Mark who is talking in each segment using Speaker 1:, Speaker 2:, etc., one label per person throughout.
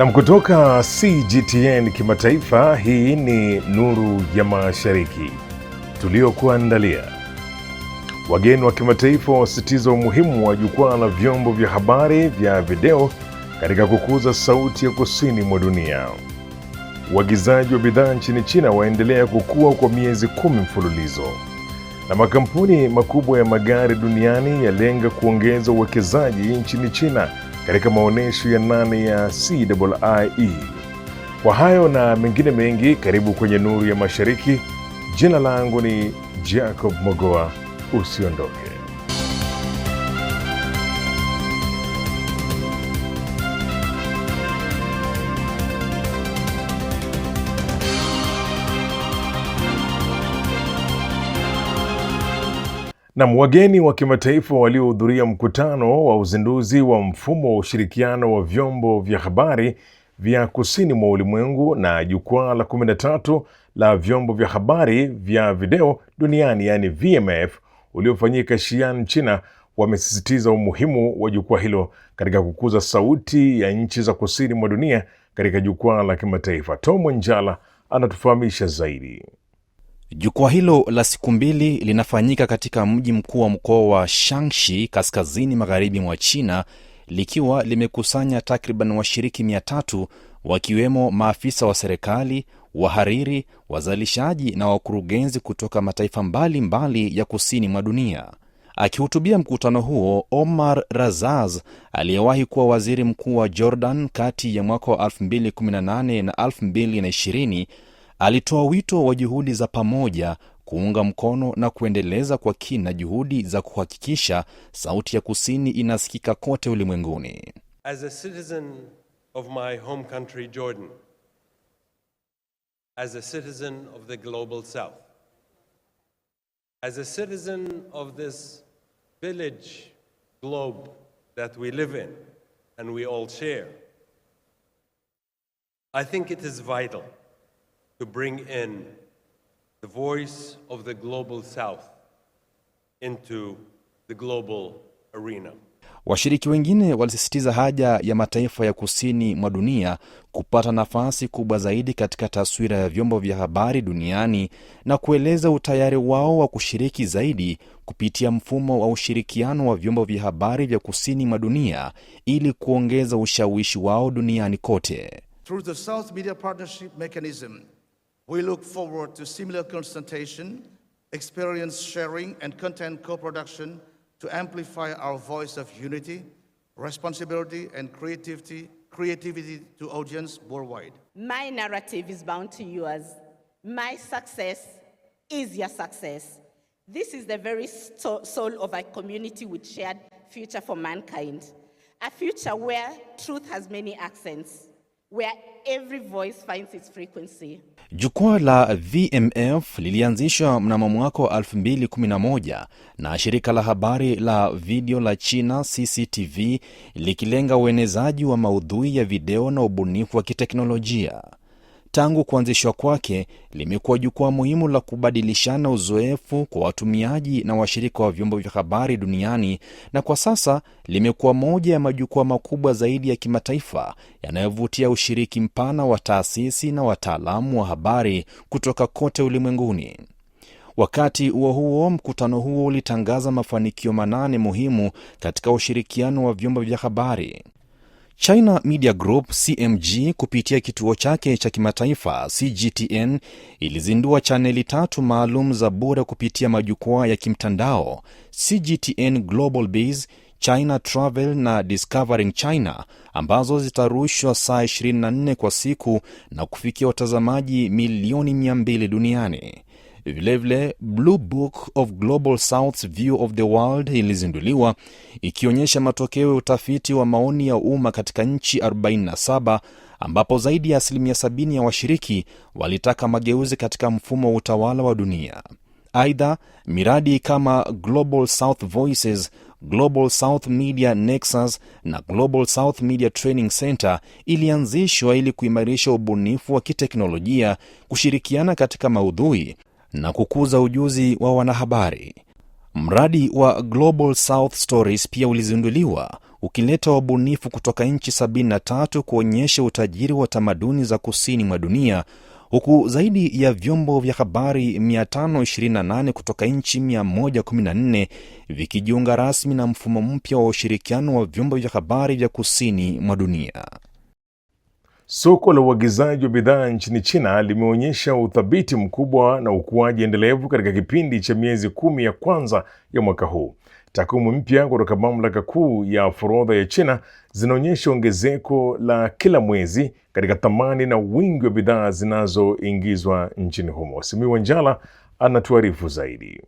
Speaker 1: Nam kutoka CGTN Kimataifa, hii ni Nuru ya Mashariki tuliokuandalia. Wageni wa kimataifa wasisitiza umuhimu wa jukwaa la vyombo vya habari vya video katika kukuza sauti ya kusini mwa dunia. Uagizaji wa bidhaa nchini China waendelea kukua kwa miezi kumi mfululizo, na makampuni makubwa ya magari duniani yalenga kuongeza uwekezaji nchini China katika maonyesho ya nane ya CIIE. Kwa hayo na mengine mengi, karibu kwenye Nuru ya Mashariki. Jina langu ni Jacob Mogoa, usiondoke. Nam, wageni wa kimataifa waliohudhuria mkutano wa uzinduzi wa mfumo wa ushirikiano wa vyombo vya habari vya kusini mwa ulimwengu na jukwaa la 13 la vyombo vya habari vya video duniani yaani VMF uliofanyika Xi'an, China wamesisitiza umuhimu wa jukwaa hilo katika kukuza sauti ya nchi za kusini mwa dunia katika jukwaa la kimataifa. Tom Njala anatufahamisha zaidi. Jukwaa hilo la siku mbili linafanyika katika mji mkuu wa mkoa wa shangshi kaskazini magharibi mwa China likiwa limekusanya takriban washiriki mia tatu wakiwemo maafisa wa serikali, wahariri, wazalishaji na wakurugenzi kutoka mataifa mbalimbali mbali ya kusini mwa dunia. Akihutubia mkutano huo, Omar Razaz aliyewahi kuwa waziri mkuu wa Jordan kati ya mwaka wa 2018 na 2020 Alitoa wito wa juhudi za pamoja kuunga mkono na kuendeleza kwa kina juhudi za kuhakikisha sauti ya Kusini inasikika kote ulimwenguni.
Speaker 2: As a citizen of my home country Jordan, as a citizen of the global south, as a citizen of this village globe that we live in and we all share, I think it is vital to bring in the voice of the global south into the global arena.
Speaker 1: Washiriki wengine walisisitiza haja ya mataifa ya kusini mwa dunia kupata nafasi kubwa zaidi katika taswira ya vyombo vya habari duniani na kueleza utayari wao wa kushiriki zaidi kupitia mfumo wa ushirikiano wa vyombo vya habari vya kusini mwa dunia ili kuongeza ushawishi wao duniani kote.
Speaker 2: Through the South Media Partnership Mechanism We look forward to similar consultation, experience sharing, and content co-production to amplify our voice of unity, responsibility, and creativity, creativity to audience worldwide.
Speaker 3: My narrative is bound to yours. My success is your success. This is the very soul of a community with shared future for mankind, a future where truth has many accents where every voice finds its frequency.
Speaker 1: Jukwaa la VMF lilianzishwa mnamo mwaka wa 2011 na shirika la habari la video la China CCTV likilenga uenezaji wa maudhui ya video na ubunifu wa kiteknolojia tangu kuanzishwa kwake limekuwa jukwaa muhimu la kubadilishana uzoefu kwa watumiaji na washirika wa vyombo vya habari duniani, na kwa sasa limekuwa moja ya majukwaa makubwa zaidi ya kimataifa yanayovutia ushiriki mpana wa taasisi na wataalamu wa habari kutoka kote ulimwenguni. Wakati huo huo, mkutano huo ulitangaza mafanikio manane muhimu katika ushirikiano wa vyombo vya habari. China Media Group CMG kupitia kituo chake cha kimataifa CGTN ilizindua chaneli tatu maalum za bure kupitia majukwaa ya kimtandao CGTN Global Biz, China Travel na Discovering China ambazo zitarushwa saa 24 kwa siku na kufikia watazamaji milioni 200 duniani. Vilevile, Blue Book of Global South's View of the World ilizinduliwa ikionyesha matokeo ya utafiti wa maoni ya umma katika nchi 47 ambapo zaidi ya asilimia 70 ya washiriki walitaka mageuzi katika mfumo wa utawala wa dunia. Aidha, miradi kama Global South Voices, Global South Media Nexus na Global South Media Training Center ilianzishwa ili kuimarisha ubunifu wa kiteknolojia, kushirikiana katika maudhui na kukuza ujuzi wa wanahabari. Mradi wa Global South Stories pia ulizinduliwa ukileta wabunifu kutoka nchi 73 kuonyesha utajiri wa tamaduni za kusini mwa dunia huku zaidi ya vyombo vya habari 528 kutoka nchi 114 vikijiunga rasmi na mfumo mpya wa ushirikiano wa vyombo vya habari vya kusini mwa dunia. Soko la uagizaji wa bidhaa nchini China limeonyesha uthabiti mkubwa na ukuaji endelevu katika kipindi cha miezi kumi ya kwanza ya mwaka huu. Takwimu mpya kutoka Mamlaka Kuu ya Forodha ya China zinaonyesha ongezeko la kila mwezi katika thamani na wingi wa bidhaa zinazoingizwa nchini humo. Simiyu Wanjala anatuarifu zaidi.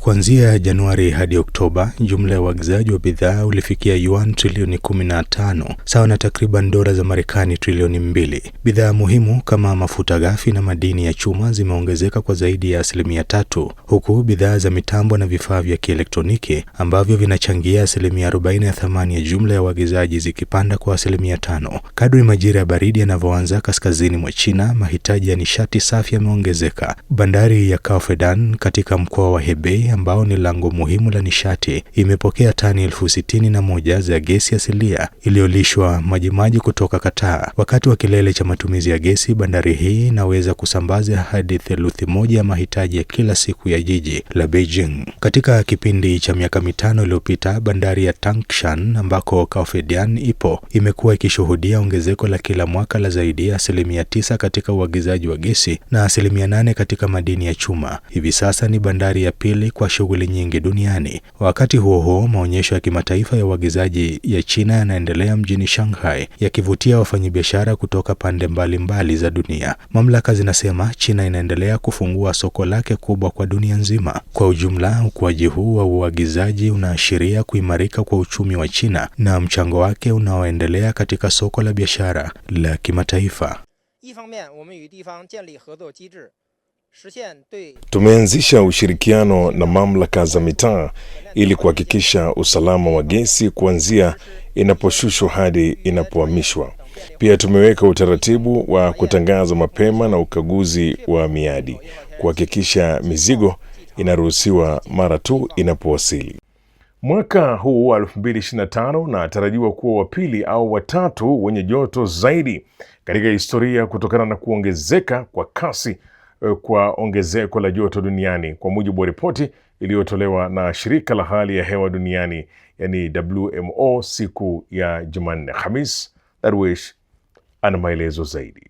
Speaker 1: Kuanzia Januari hadi Oktoba, jumla ya uagizaji wa bidhaa ulifikia yuan trilioni 15 sawa na takriban dola za Marekani trilioni mbili. Bidhaa muhimu kama mafuta ghafi na madini ya chuma zimeongezeka kwa zaidi ya asilimia tatu, huku bidhaa za mitambo na vifaa vya kielektroniki ambavyo vinachangia asilimia 40 ya thamani ya jumla ya uagizaji zikipanda kwa asilimia tano. Kadri majira ya baridi yanavyoanza kaskazini mwa China, mahitaji ya nishati safi yameongezeka. Bandari ya Kaofedan katika mkoa wa Hebei ambao ni lango muhimu la nishati, imepokea tani elfu sitini na moja za gesi asilia iliyolishwa majimaji kutoka Kataa. Wakati wa kilele cha matumizi ya gesi, bandari hii inaweza kusambaza hadi theluthi moja ya mahitaji ya kila siku ya jiji la Beijing. Katika kipindi cha miaka mitano iliyopita, bandari ya Tangshan ambako Kaofedian ipo imekuwa ikishuhudia ongezeko la kila mwaka la zaidi ya asilimia tisa katika uagizaji wa gesi na asilimia nane katika madini ya chuma. Hivi sasa ni bandari ya pili kwa shughuli nyingi duniani. Wakati huo huo, maonyesho ya kimataifa ya uagizaji ya China yanaendelea mjini Shanghai yakivutia wafanyabiashara kutoka pande mbalimbali mbali za dunia. Mamlaka zinasema China inaendelea kufungua soko lake kubwa kwa dunia nzima. Kwa ujumla, ukuaji huu wa uagizaji unaashiria kuimarika kwa uchumi wa China na mchango wake unaoendelea katika soko la biashara la kimataifa. Tumeanzisha ushirikiano na mamlaka za mitaa ili kuhakikisha usalama wa gesi kuanzia inaposhushwa hadi inapohamishwa. Pia tumeweka utaratibu wa kutangaza mapema na ukaguzi wa miadi kuhakikisha mizigo inaruhusiwa mara tu inapowasili. Mwaka huu wa 2025 unatarajiwa kuwa wa pili au watatu wenye joto zaidi katika historia kutokana na kuongezeka kwa kasi Eh, kwa ongezeko la joto duniani kwa mujibu wa ripoti iliyotolewa na shirika la hali ya hewa duniani yani WMO siku ya Jumanne. Hamis Darwish ana maelezo zaidi.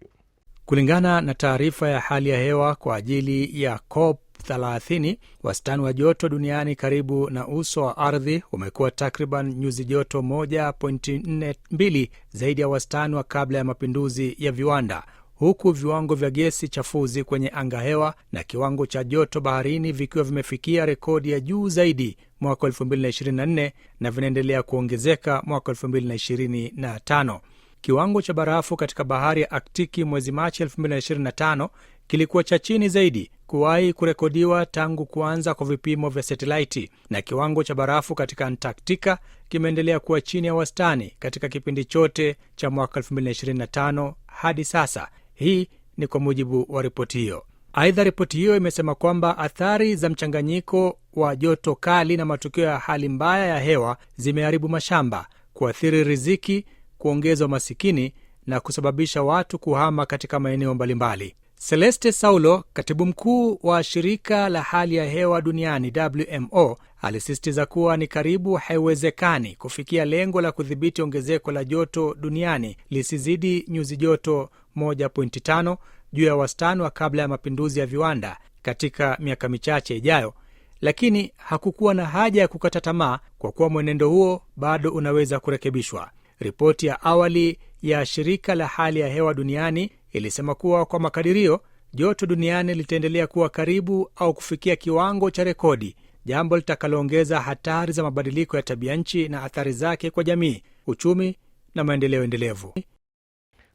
Speaker 1: Kulingana na taarifa ya hali ya hewa kwa ajili ya COP 30 wastani wa joto duniani karibu na uso wa ardhi umekuwa takriban nyuzi joto 1.42 zaidi ya wastani wa kabla ya mapinduzi ya viwanda huku viwango vya gesi chafuzi kwenye angahewa na kiwango cha joto baharini vikiwa vimefikia rekodi ya juu zaidi mwaka 2024 na vinaendelea kuongezeka mwaka 2025. Kiwango cha barafu katika bahari ya Aktiki mwezi Machi 2025 kilikuwa cha chini zaidi kuwahi kurekodiwa tangu kuanza kwa vipimo vya satelaiti, na kiwango cha barafu katika Antaktika kimeendelea kuwa chini ya wastani katika kipindi chote cha mwaka 2025 hadi sasa, hii ni kwa mujibu wa ripoti hiyo. Aidha, ripoti hiyo imesema kwamba athari za mchanganyiko wa joto kali na matukio ya hali mbaya ya hewa zimeharibu mashamba, kuathiri riziki, kuongeza umasikini na kusababisha watu kuhama katika maeneo mbalimbali. Celeste Saulo, katibu mkuu wa shirika la hali ya hewa duniani WMO, alisisitiza kuwa ni karibu haiwezekani kufikia lengo la kudhibiti ongezeko la joto duniani lisizidi nyuzi joto 1.5 juu ya wastani wa kabla ya mapinduzi ya viwanda katika miaka michache ijayo, lakini hakukuwa na haja ya kukata tamaa kwa kuwa mwenendo huo bado unaweza kurekebishwa. Ripoti ya awali ya shirika la hali ya hewa duniani ilisema kuwa kwa makadirio, joto duniani litaendelea kuwa karibu au kufikia kiwango cha rekodi, jambo litakaloongeza hatari za mabadiliko ya tabia nchi na athari zake kwa jamii, uchumi na maendeleo endelevu.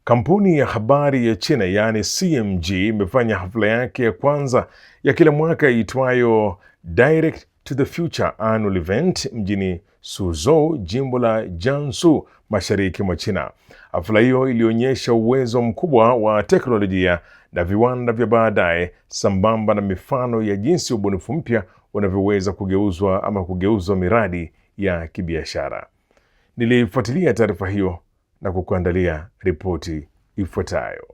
Speaker 1: Kampuni ya habari ya China yaani CMG imefanya hafla yake ya kwanza ya kila mwaka iitwayo Direct to the Future Annual Event mjini Suzhou, jimbo la Jiangsu, mashariki mwa China. Hafla hiyo ilionyesha uwezo mkubwa wa teknolojia na viwanda vya baadaye sambamba na mifano ya jinsi ubunifu mpya unavyoweza kugeuzwa ama kugeuzwa miradi ya kibiashara. Nilifuatilia taarifa hiyo na kukuandalia ripoti ifuatayo.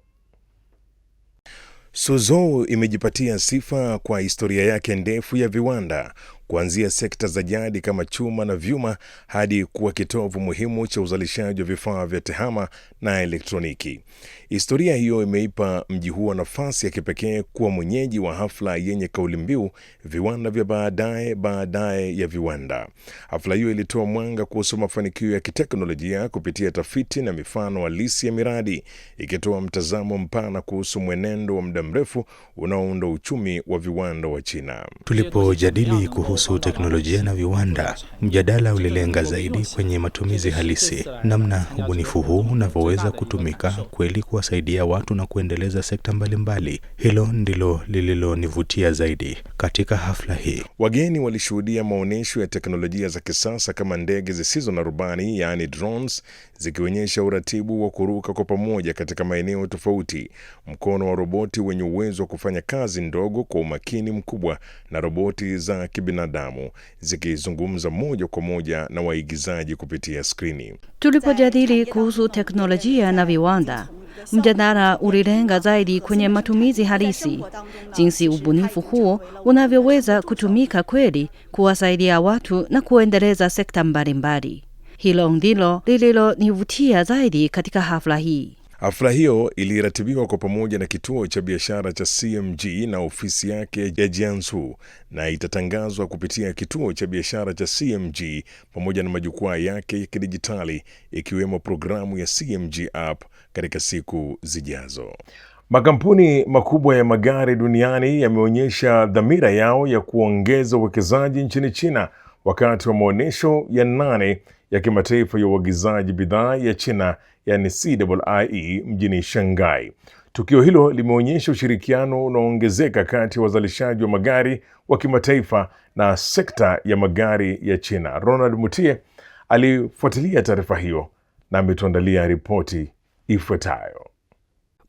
Speaker 1: Suzhou imejipatia sifa kwa historia yake ndefu ya viwanda, kuanzia sekta za jadi kama chuma na vyuma hadi kuwa kitovu muhimu cha uzalishaji wa vifaa vya tehama na elektroniki. Historia hiyo imeipa mji huo nafasi ya kipekee kuwa mwenyeji wa hafla yenye kauli mbiu viwanda vya baadaye, baadaye ya viwanda. Hafla hiyo ilitoa mwanga kuhusu mafanikio ya kiteknolojia kupitia tafiti na mifano halisi ya miradi, ikitoa mtazamo mpana kuhusu mwenendo wa muda mrefu unaounda uchumi wa viwanda wa China. Tulipojadili kuhusu teknolojia na viwanda, mjadala ulilenga zaidi kwenye matumizi halisi, namna ubunifu huu unavyoweza kutumika kweli kuwasaidia watu na kuendeleza sekta mbalimbali. Hilo ndilo lililonivutia zaidi katika hafla hii. Wageni walishuhudia maonyesho ya teknolojia za kisasa kama ndege zisizo na rubani, yaani drones, zikionyesha uratibu wa kuruka kwa pamoja katika maeneo tofauti, mkono wa roboti wenye uwezo wa kufanya kazi ndogo kwa umakini mkubwa na roboti za kibinadamu binadamu zikizungumza moja kwa moja na waigizaji kupitia skrini. Tulipojadili kuhusu teknolojia na viwanda, mjadala ulilenga zaidi kwenye matumizi halisi, jinsi ubunifu huo unavyoweza kutumika kweli kuwasaidia watu na kuendeleza sekta mbalimbali. Hilo ndilo lililonivutia zaidi katika hafla hii. Hafla hiyo iliratibiwa kwa pamoja na kituo cha biashara cha CMG na ofisi yake ya Jiangsu na itatangazwa kupitia kituo cha biashara cha CMG pamoja na majukwaa yake ya kidijitali ikiwemo programu ya CMG app katika siku zijazo. Makampuni makubwa ya magari duniani yameonyesha dhamira yao ya kuongeza uwekezaji nchini China wakati wa maonyesho ya nane ya kimataifa ya uagizaji bidhaa ya China yani CIIE mjini Shanghai. Tukio hilo limeonyesha ushirikiano unaoongezeka kati ya wazalishaji wa magari wa kimataifa na sekta ya magari ya China. Ronald Mutie alifuatilia taarifa hiyo na ametuandalia ripoti ifuatayo.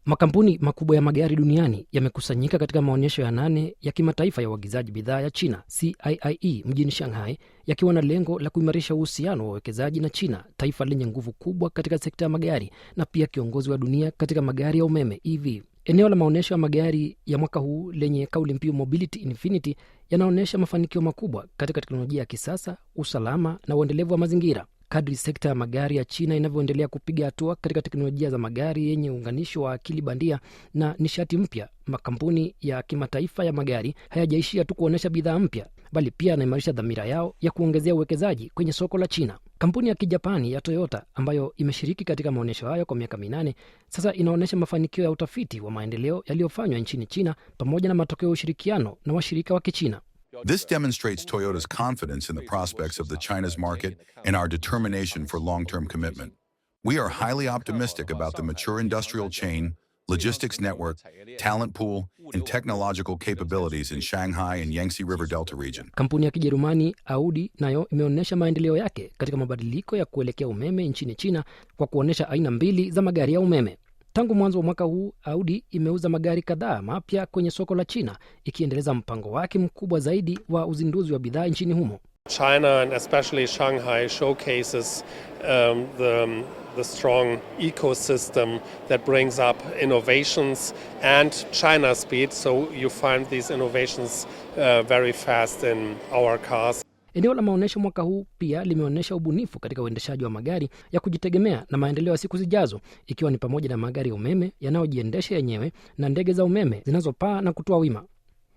Speaker 1: Makampuni makubwa ya magari duniani yamekusanyika katika maonyesho ya nane ya kimataifa ya uagizaji bidhaa ya China CIIE mjini Shanghai yakiwa na lengo la kuimarisha uhusiano wa wawekezaji na China, taifa lenye nguvu kubwa katika sekta ya magari na pia kiongozi wa dunia katika magari ya umeme EV. Eneo la maonyesho ya magari ya mwaka huu lenye kauli mbiu Mobility Infinity yanaonyesha mafanikio makubwa katika teknolojia ya kisasa, usalama na uendelevu wa mazingira kadri sekta ya magari ya China inavyoendelea kupiga hatua katika teknolojia za magari yenye uunganisho wa akili bandia na nishati mpya, makampuni ya kimataifa ya magari hayajaishia tu kuonyesha bidhaa mpya, bali pia yanaimarisha dhamira yao ya kuongezea uwekezaji kwenye soko la China. Kampuni ya kijapani ya Toyota ambayo imeshiriki katika maonyesho hayo kwa miaka minane sasa inaonyesha mafanikio ya utafiti wa maendeleo yaliyofanywa nchini China pamoja na matokeo ya ushirikiano na washirika wa Kichina.
Speaker 4: This demonstrates Toyota's confidence in the prospects of the China's market and our determination for long-term commitment. We are highly optimistic about the mature industrial chain, logistics network, talent pool, and technological capabilities in Shanghai and Yangtze River Delta region.
Speaker 1: Kampuni ya Kijerumani Audi nayo imeonyesha maendeleo yake katika mabadiliko ya kuelekea umeme nchini China kwa kuonyesha aina mbili za magari ya umeme. Tangu mwanzo wa mwaka huu Audi imeuza magari kadhaa mapya kwenye soko la China, ikiendeleza mpango wake mkubwa zaidi wa uzinduzi wa bidhaa nchini humo.
Speaker 2: China and especially Shanghai showcases um, the, um, the strong ecosystem that brings up innovations and China speed so you find these innovations uh, very fast in our cars.
Speaker 1: Eneo la maonyesho mwaka huu pia limeonyesha ubunifu katika uendeshaji wa magari ya kujitegemea na maendeleo ya siku zijazo, ikiwa ni pamoja na magari ya umeme yanayojiendesha yenyewe na ndege za umeme zinazopaa na kutoa wima.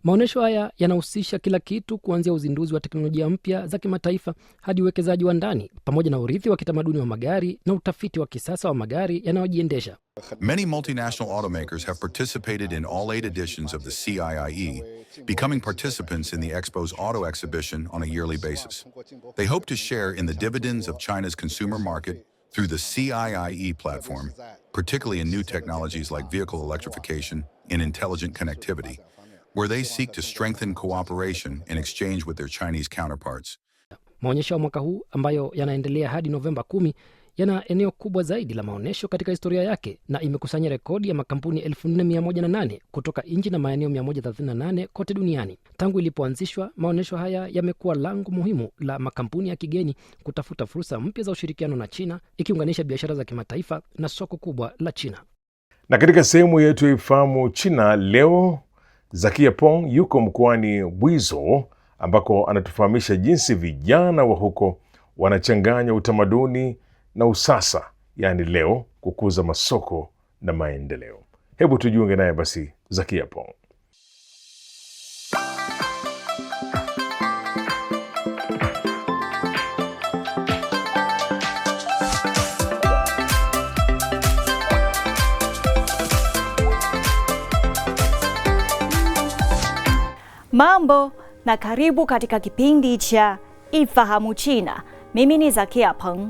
Speaker 1: Maonyesho haya yanahusisha kila kitu kuanzia uzinduzi wa teknolojia mpya za kimataifa hadi uwekezaji wa ndani pamoja na urithi wa kitamaduni wa magari na utafiti wa kisasa wa magari yanayojiendesha.
Speaker 5: Many multinational automakers have participated in all eight editions of the CIIE, becoming participants in the Expo's auto exhibition on a yearly basis. They hope to share in the dividends of China's consumer market through the CIIE platform, particularly in new technologies like vehicle electrification and intelligent connectivity where they seek to strengthen cooperation in exchange with their Chinese counterparts.
Speaker 1: Maonyesho ya mwaka huu ambayo yanaendelea hadi Novemba kumi yana eneo kubwa zaidi la maonyesho katika historia yake na imekusanya rekodi ya makampuni 4108 kutoka nchi na maeneo 138 kote duniani. Tangu ilipoanzishwa, maonyesho haya yamekuwa lango muhimu la makampuni ya kigeni kutafuta fursa mpya za ushirikiano na China, ikiunganisha biashara za kimataifa na soko kubwa la China. Na katika sehemu yetu ifahamu China leo Zakia Pong yuko mkoani Bwizo ambako anatufahamisha jinsi vijana wa huko wanachanganya utamaduni na usasa, yaani leo, kukuza masoko na maendeleo. Hebu tujiunge naye basi, Zakia Pong.
Speaker 6: Mambo na karibu katika kipindi cha Ifahamu China. Mimi ni Zakia Peng.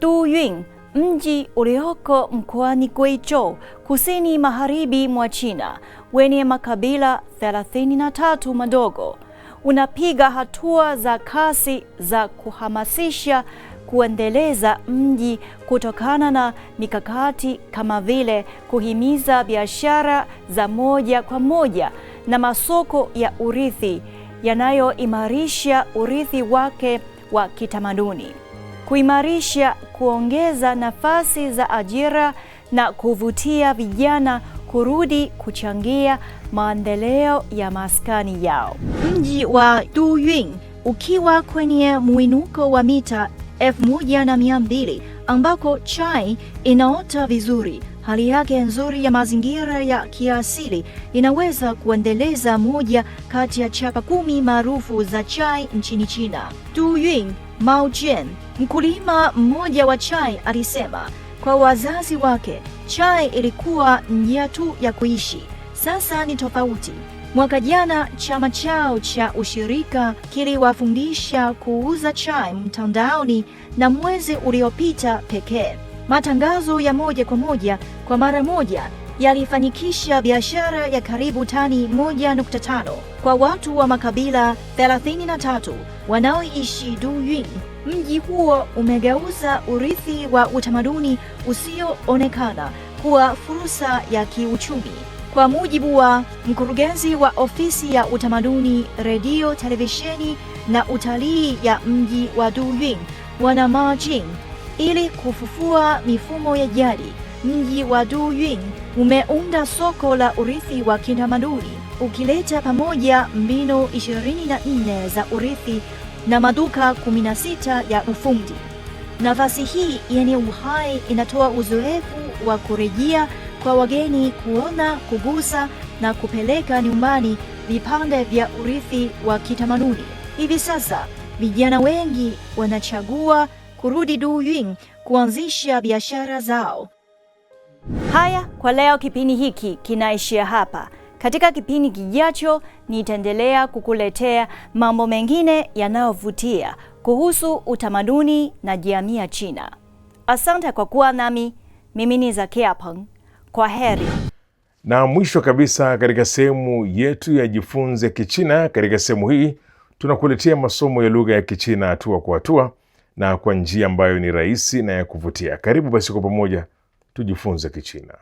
Speaker 6: Tuyun, mji ulioko mkoani Guizhou, kusini magharibi mwa China, wenye makabila 33 madogo, unapiga hatua za kasi za kuhamasisha kuendeleza mji kutokana na mikakati kama vile kuhimiza biashara za moja kwa moja na masoko ya urithi yanayoimarisha urithi wake wa kitamaduni, kuimarisha, kuongeza nafasi za ajira na kuvutia vijana kurudi kuchangia maendeleo ya maskani yao. Mji wa Duyun ukiwa kwenye mwinuko wa mita elfu na ambako chai inaota vizuri. Hali yake nzuri ya mazingira ya kiasili inaweza kuendeleza moja kati ya chapa kumi maarufu za chai nchini China. Tu Mao Maojian, mkulima mmoja wa chai, alisema kwa wazazi wake chai ilikuwa njia tu ya kuishi. Sasa ni tofauti. Mwaka jana chama chao cha ushirika kiliwafundisha kuuza chai mtandaoni na mwezi uliopita pekee, matangazo ya moja kwa moja kwa mara moja yalifanikisha biashara ya karibu tani 1.5 kwa watu wa makabila 33 wanaoishi Duyin. Mji huo umegeuza urithi wa utamaduni usioonekana kuwa fursa ya kiuchumi. Kwa mujibu wa mkurugenzi wa ofisi ya utamaduni, redio, televisheni na utalii ya mji wa Duyin, Bwana Ma Jing, ili kufufua mifumo ya jadi, mji wa Duyin umeunda soko la urithi wa kitamaduni ukileta pamoja mbinu 24 za urithi na maduka 16 ya ufundi. Nafasi hii yenye uhai inatoa uzoefu wa kurejea kwa wageni kuona, kugusa na kupeleka nyumbani vipande vya urithi wa kitamaduni. Hivi sasa vijana wengi wanachagua kurudi Duyin kuanzisha biashara zao. Haya kwa leo, kipindi hiki kinaishia hapa. Katika kipindi kijacho, nitaendelea kukuletea mambo mengine yanayovutia kuhusu utamaduni na jamii ya China. Asante kwa kuwa nami. Mimi ni Zakia Peng. Kwa heri.
Speaker 1: Na mwisho kabisa, katika sehemu yetu ya jifunze Kichina, katika sehemu hii tunakuletea masomo ya lugha ya Kichina hatua kwa hatua na kwa njia ambayo ni rahisi na ya kuvutia. Karibu basi, kwa pamoja tujifunze Kichina.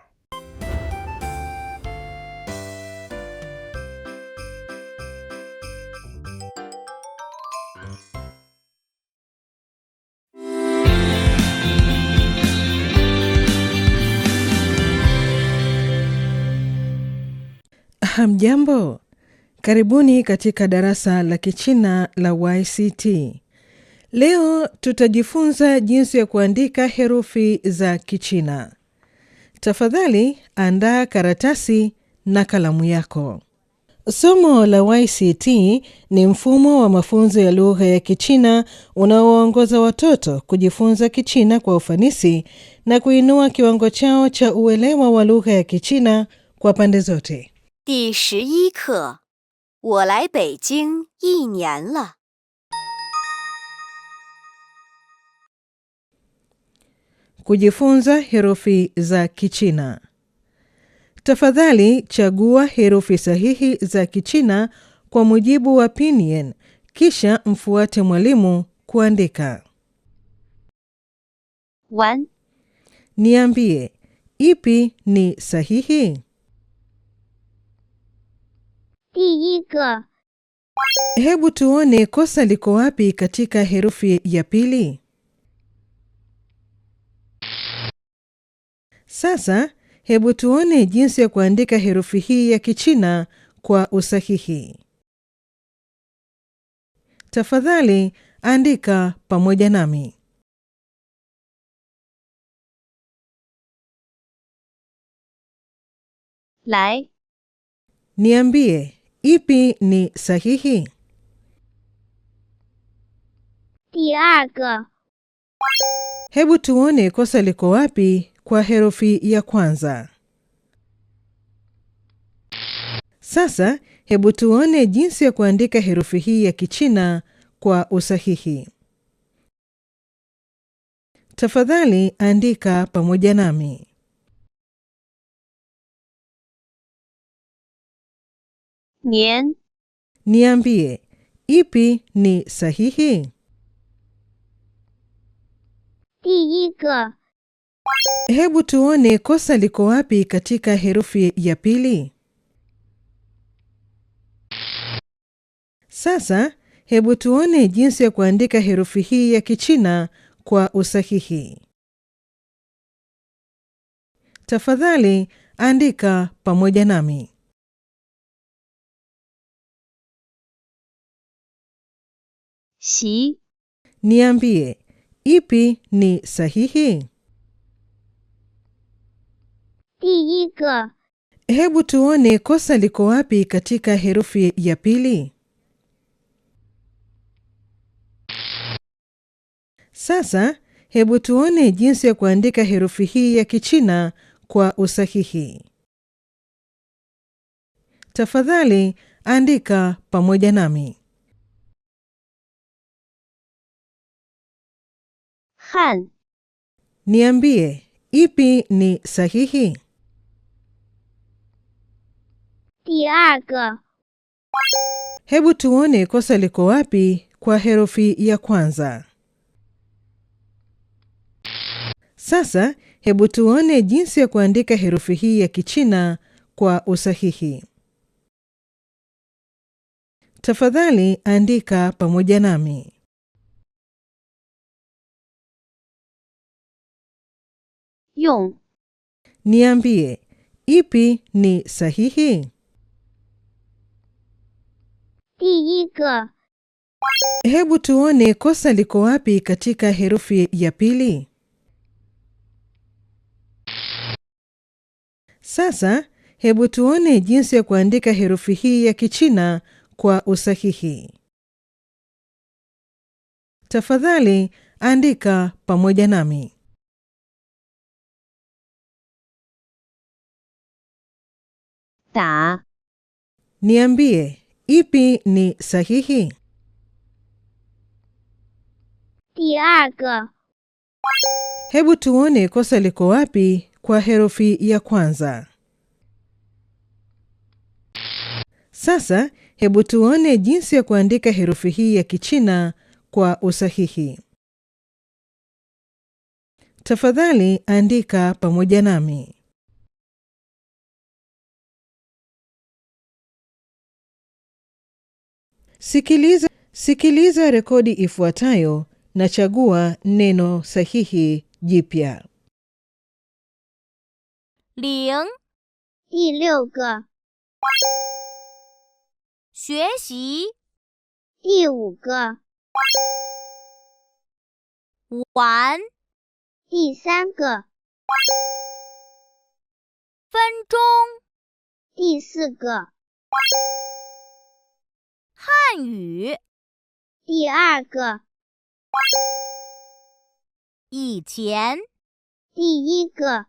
Speaker 7: Hamjambo, karibuni katika darasa la Kichina la YCT. Leo tutajifunza jinsi ya kuandika herufi za Kichina. Tafadhali andaa karatasi na kalamu yako. Somo la YCT ni mfumo wa mafunzo ya lugha ya Kichina unaowaongoza watoto kujifunza Kichina kwa ufanisi na kuinua kiwango chao cha uelewa wa lugha ya Kichina kwa pande zote.
Speaker 8: 第十一课，我来北京一年了。
Speaker 7: Kujifunza herufi za Kichina. Tafadhali chagua herufi sahihi za Kichina kwa mujibu wa Pinyin, kisha mfuate mwalimu kuandika. Wan. Niambie, ipi ni sahihi?
Speaker 8: 第一个。
Speaker 7: Hebu tuone kosa liko wapi katika herufi ya pili. Sasa hebu tuone jinsi ya kuandika herufi hii ya Kichina kwa usahihi. Tafadhali andika pamoja nami. Lai. Niambie ipi ni sahihi?
Speaker 8: Tiaga.
Speaker 7: Hebu tuone kosa liko wapi kwa herufi ya kwanza. Sasa hebu tuone jinsi ya kuandika herufi hii ya Kichina kwa usahihi. Tafadhali andika pamoja nami. niambie ipi ni sahihi? hebu tuone kosa liko wapi katika herufi ya pili. Sasa hebu tuone jinsi ya kuandika herufi hii ya Kichina kwa usahihi. Tafadhali andika pamoja nami. niambie ipi ni sahihi? hebu tuone kosa liko wapi katika herufi ya pili. Sasa hebu tuone jinsi ya kuandika herufi hii ya Kichina kwa usahihi. Tafadhali andika pamoja nami. niambie ipi ni sahihi? hebu tuone kosa liko wapi kwa herufi ya kwanza. Sasa hebu tuone jinsi ya kuandika herufi hii ya Kichina kwa usahihi. Tafadhali andika pamoja nami. 用。Niambie, ipi ni sahihi?
Speaker 8: 第一个
Speaker 7: Hebu tuone kosa liko wapi katika herufi ya pili. Sasa hebu tuone jinsi ya kuandika herufi hii ya Kichina kwa usahihi. Tafadhali andika pamoja nami. niambie ipi ni sahihi? hebu tuone kosa liko wapi kwa herufi ya kwanza. Sasa hebu tuone jinsi ya kuandika herufi hii ya Kichina kwa usahihi. Tafadhali andika pamoja nami. Sikiliza, sikiliza rekodi ifuatayo na chagua neno sahihi jipya.
Speaker 8: Ling, diga. Xuexi, diga. Wan, diga. 分钟，第四个。汉语。第二个，以前。第一个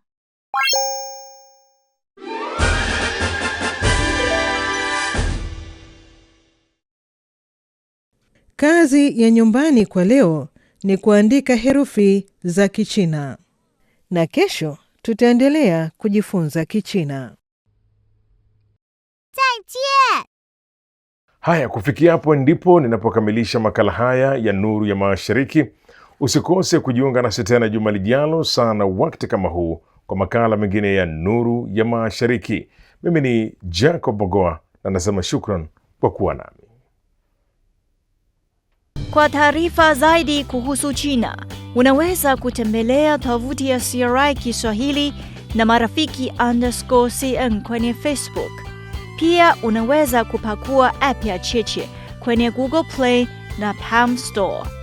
Speaker 7: ，kazi ya nyumbani kwa leo ni kuandika herufi za Kichina, na kesho tutaendelea kujifunza Kichina.
Speaker 8: Zaijian.
Speaker 1: Haya, kufikia hapo ndipo ninapokamilisha makala haya ya Nuru ya Mashariki. Usikose kujiunga nasi tena juma lijalo sana wakati kama huu kwa makala mengine ya Nuru ya Mashariki. Mimi ni Jacob Bogoa na nasema shukran kwa kuwa nami.
Speaker 9: Kwa taarifa zaidi kuhusu China unaweza kutembelea tovuti ya CRI Kiswahili na marafiki underscore cn kwenye Facebook. Pia unaweza kupakua app ya Cheche kwenye Google Play na Palm Store.